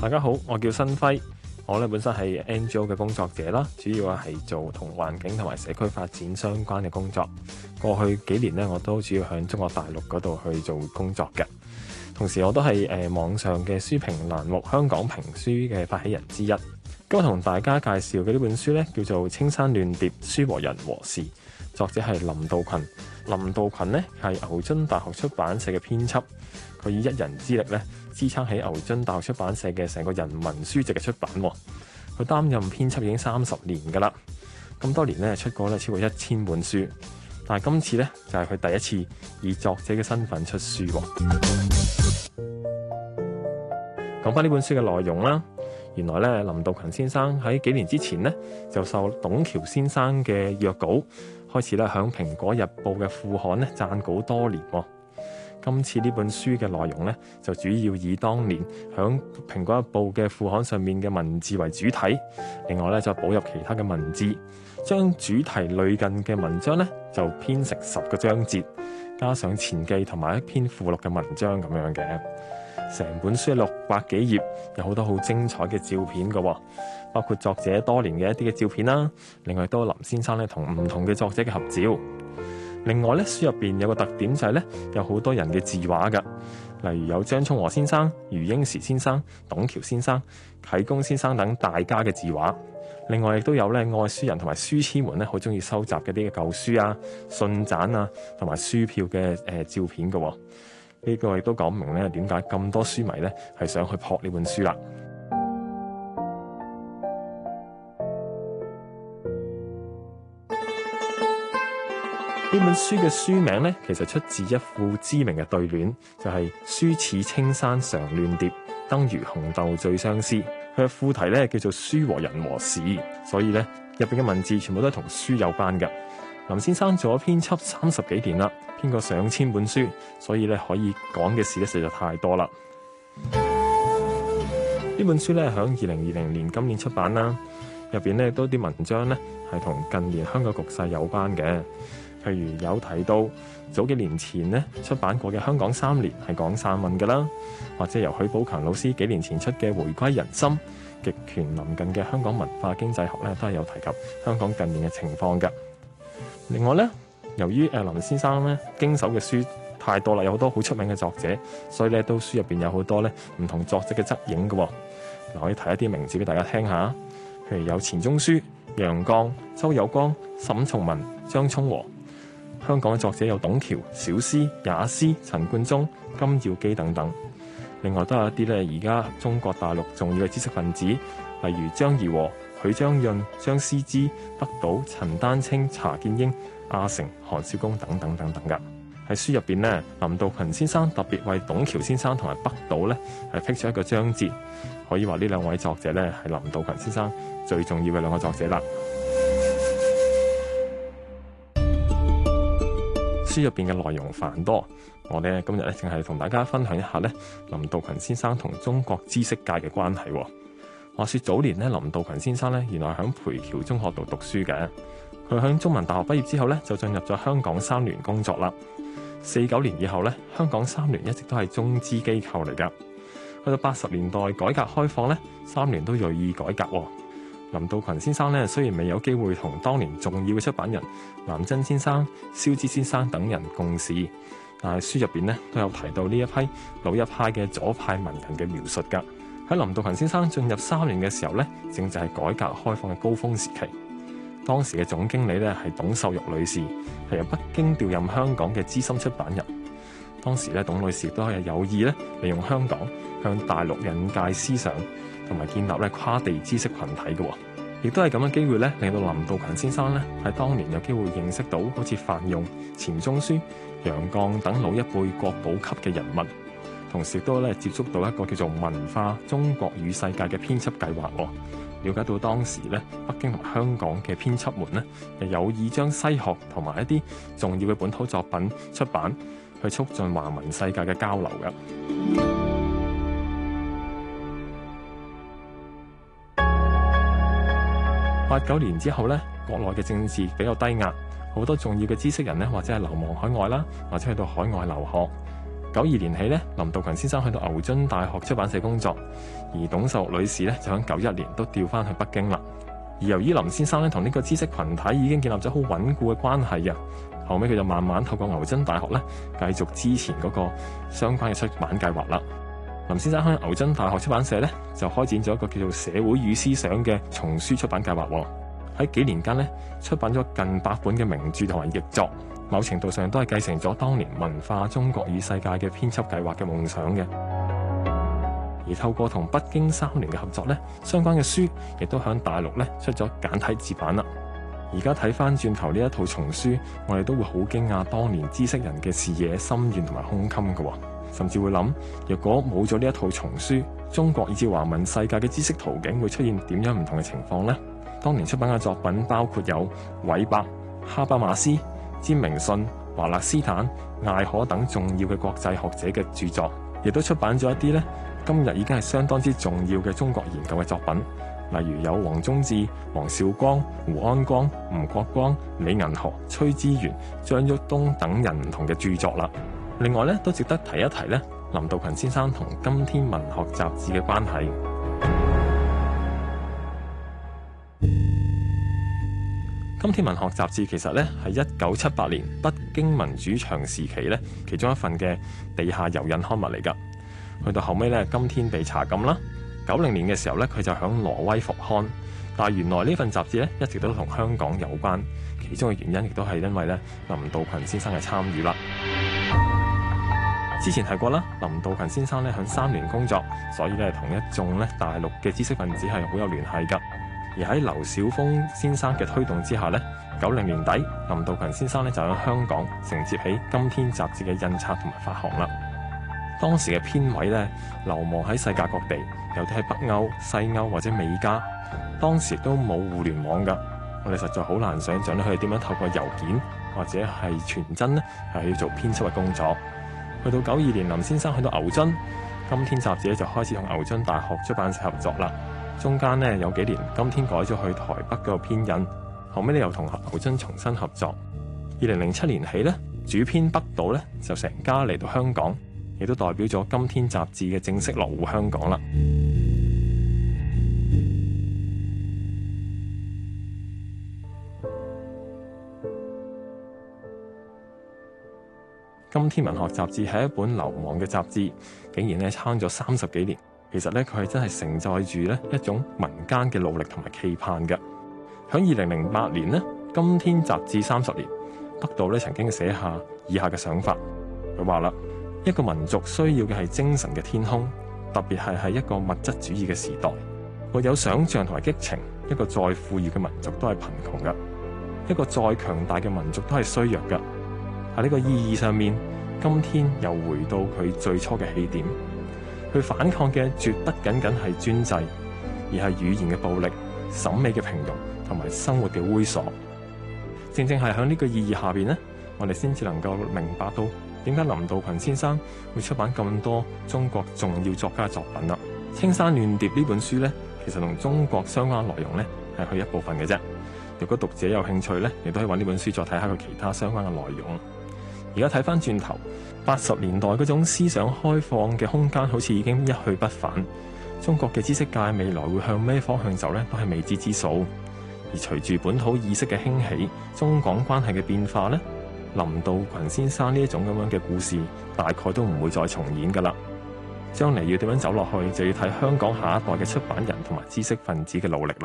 大家好，我叫新輝，我咧本身係 NGO 嘅工作者啦，主要係做同環境同埋社區發展相關嘅工作。過去幾年呢，我都主要喺中國大陸嗰度去做工作嘅。同時，我都係誒、呃、網上嘅書評欄目《香港評書》嘅發起人之一。今日同大家介紹嘅呢本書呢，叫做《青山亂疊書和人和事》，作者係林道群。林道群呢，係牛津大學出版社嘅編輯。佢以一人之力咧，支撐起牛津大學出版社嘅成個人文書籍嘅出版，哦。佢擔任編輯已經三十年噶啦，咁多年咧，出過咧超過一千本書。但係今次咧，就係、是、佢第一次以作者嘅身份出書，哦。講翻呢本書嘅內容啦，原來咧林道群先生喺幾年之前呢，就受董橋先生嘅約稿，開始咧響《蘋果日報的富》嘅副刊咧撰稿多年，哦。今次呢本書嘅內容呢，就主要以當年響《蘋果日報》嘅副刊上面嘅文字為主體，另外呢，就補入其他嘅文字，將主題類近嘅文章呢，就編成十個章節，加上前記同埋一篇附錄嘅文章咁樣嘅。成本書是六百幾頁，有好多好精彩嘅照片嘅，包括作者多年嘅一啲嘅照片啦，另外多林先生呢，同唔同嘅作者嘅合照。另外咧，書入面有個特點就係咧，有好多人嘅字畫噶，例如有張充和先生、余英時先生、董橋先生、啟功先生等大家嘅字畫。另外亦都有咧愛書人同埋書痴們咧，好中意收集嗰啲舊書啊、信札啊同埋書票嘅、呃、照片嘅、哦。這個、呢個亦都講明咧點解咁多書迷咧係想去撲呢本書啦、啊。呢本書嘅書名呢，其實出自一副知名嘅對聯，就係、是、書似青山常亂疊，燈如紅豆最相思。佢嘅副題呢，叫做書和人和事，所以呢，入邊嘅文字全部都係同書有關嘅。林先生做咗編輯三十幾年啦，編過上千本書，所以呢，可以講嘅事呢，實在太多啦。呢 本書呢，響二零二零年今年出版啦，入邊呢，多啲文章呢，係同近年香港局勢有關嘅。譬如有提到早幾年前呢出版過嘅《香港三年》，係講散文嘅啦，或者由許寶強老師幾年前出嘅《回歸人心》，極權臨近嘅香港文化經濟學呢，都有提及香港近年嘅情況嘅。另外呢，由於林先生咧經手嘅書太多啦，有好多好出名嘅作者，所以呢，都書入面有好多呢唔同作者嘅側影嘅嗱。我哋提一啲名字俾大家聽下，譬如有錢鍾書、楊絳、周有光、沈從文、張充和。香港嘅作者有董橋、小思、也斯、陳冠中、金耀基等等，另外都有一啲咧，而家中國大陸重要嘅知識分子，例如章詒和、許章潤、張思之、北島、陳丹青、查建英、阿城、韓少功等等等等嘅。喺書入面呢，林道群先生特別為董橋先生同埋北島咧係闢出一個章節，可以話呢兩位作者呢係林道群先生最重要嘅兩個作者啦。書入邊嘅內容繁多，我哋今日咧淨係同大家分享一下咧林道群先生同中國知識界嘅關係，哦。話說早年咧林道群先生咧原來響培僑中學度讀書嘅，佢響中文大學畢業之後咧就進入咗香港三聯工作啦。四九年以後咧，香港三聯一直都係中資機構嚟噶去到八十年代改革開放咧，三聯都銳意改革，哦。林道群先生咧，雖然未有機會同當年重要嘅出版人藍真先生、蕭滋先生等人共事，但係書入邊咧都有提到呢一批老一派嘅左派文人嘅描述噶。喺林道群先生進入三年嘅時候咧，正就係改革開放嘅高峰時期，當時嘅總經理咧係董秀玉女士，係由北京調任香港嘅資深出版人。當時咧，董女士都有意咧，利用香港向大陸引介思想，同埋建立咧跨地知識群體嘅，亦都係咁嘅機會咧，令到林道群先生咧喺當年有機會認識到好似范用、錢鍾書、楊絳等老一輩國寶級嘅人物，同時亦都咧接觸到一個叫做《文化中國與世界》嘅編輯計劃，了解到當時咧北京同香港嘅編輯們咧，又有意將西學同埋一啲重要嘅本土作品出版。去促進華文世界嘅交流嘅。八九年之後咧，國內嘅政治比較低壓，好多重要嘅知識人呢，或者係流亡海外啦，或者去到海外留學。九二年起呢，林道群先生去到牛津大學出版社工作，而董秀玉女士咧，就喺九一年都調翻去北京啦。而由於林先生咧，同呢個知識群體已經建立咗好穩固嘅關係啊。後尾佢就慢慢透過牛津大學咧，繼續之前嗰個相關嘅出版計劃啦。林先生喺牛津大學出版社咧，就開展咗一個叫做《社會與思想》嘅叢書出版計劃。喺幾年間咧，出版咗近百本嘅名著同埋譯作，某程度上都係繼承咗當年《文化中國與世界》嘅編輯計劃嘅夢想嘅。而透過同北京三年嘅合作咧，相關嘅書亦都響大陸咧出咗簡體字版啦。而家睇翻轉頭呢一套叢書，我哋都會好驚訝，當年知識人嘅視野、心願同埋胸襟嘅喎，甚至會諗，若果冇咗呢一套叢書，中國以至華文世界嘅知識途徑會出現點樣唔同嘅情況呢？」當年出版嘅作品包括有韋伯、哈巴馬斯、詹明信、華勒斯坦、艾可等重要嘅國際學者嘅著作，亦都出版咗一啲呢，今日已經係相當之重要嘅中國研究嘅作品。例如有黃宗智、黃少光、胡安光、吳國光、李銀河、崔之元、張旭東等人唔同嘅著作啦。另外咧，都值得提一提呢林道群先生同《今天文學雜誌》嘅關係。《今天文學雜誌》其實呢，係一九七八年北京民主牆時期呢其中一份嘅地下油印刊物嚟噶。去到後尾呢，今天被查禁啦。九零年嘅時候咧，佢就喺挪威復刊，但係原來呢份雜誌咧一直都同香港有關，其中嘅原因亦都係因為咧林道群先生嘅參與啦。之前提過啦，林道群先生咧喺三聯工作，所以咧同一眾咧大陸嘅知識分子係好有聯繫噶。而喺劉小峰先生嘅推動之下，九零年底，林道群先生咧就喺香港承接起《今天》雜誌嘅印刷同埋發行啦。當時嘅編委咧，流亡喺世界各地，尤其係北歐、西歐或者美加。當時都冇互聯網噶，我哋實在好難想像咧，佢哋點樣透過郵件或者係傳真咧，係要做編輯嘅工作。去到九二年，林先生去到牛津，今天雜誌就開始同牛津大學出版社合作啦。中間呢有幾年，今天改咗去台北嗰度編印，後尾咧又同牛津重新合作。二零零七年起呢主編北島咧就成家嚟到香港。亦都代表咗今天雜誌嘅正式落戶香港啦。今天文學雜誌係一本流亡嘅雜誌，竟然咧撐咗三十幾年。其實咧，佢係真係承載住咧一種民間嘅努力同埋期盼嘅。喺二零零八年呢，今天雜誌三十年，北島曾經寫下以下嘅想法，佢話啦。一個民族需要嘅係精神嘅天空，特別係喺一個物質主義嘅時代，沒有想象同埋激情，一個再富裕嘅民族都係貧窮嘅，一個再強大嘅民族都係衰弱嘅。喺呢個意義上面，今天又回到佢最初嘅起點，佢反抗嘅絕不僅僅係專制，而係語言嘅暴力、審美嘅平庸同埋生活嘅猥瑣。正正係喺呢個意義下邊呢，我哋先至能夠明白到。點解林道群先生會出版咁多中國重要作家嘅作品啦？《青山亂疊》呢本書呢，其實同中國相關的內容呢係佢一部分嘅啫。如果讀者有興趣呢，亦都可以揾呢本書再睇下佢其他相關嘅內容。而家睇返轉頭，八十年代嗰種思想開放嘅空間好似已經一去不返。中國嘅知識界未來會向咩方向走呢？都係未知之數。而隨住本土意識嘅興起，中港關係嘅變化呢。林道群先生呢種咁樣嘅故事，大概都唔會再重演噶啦。將來要點樣走落去，就要睇香港下一代嘅出版人同埋知識分子嘅努力啦。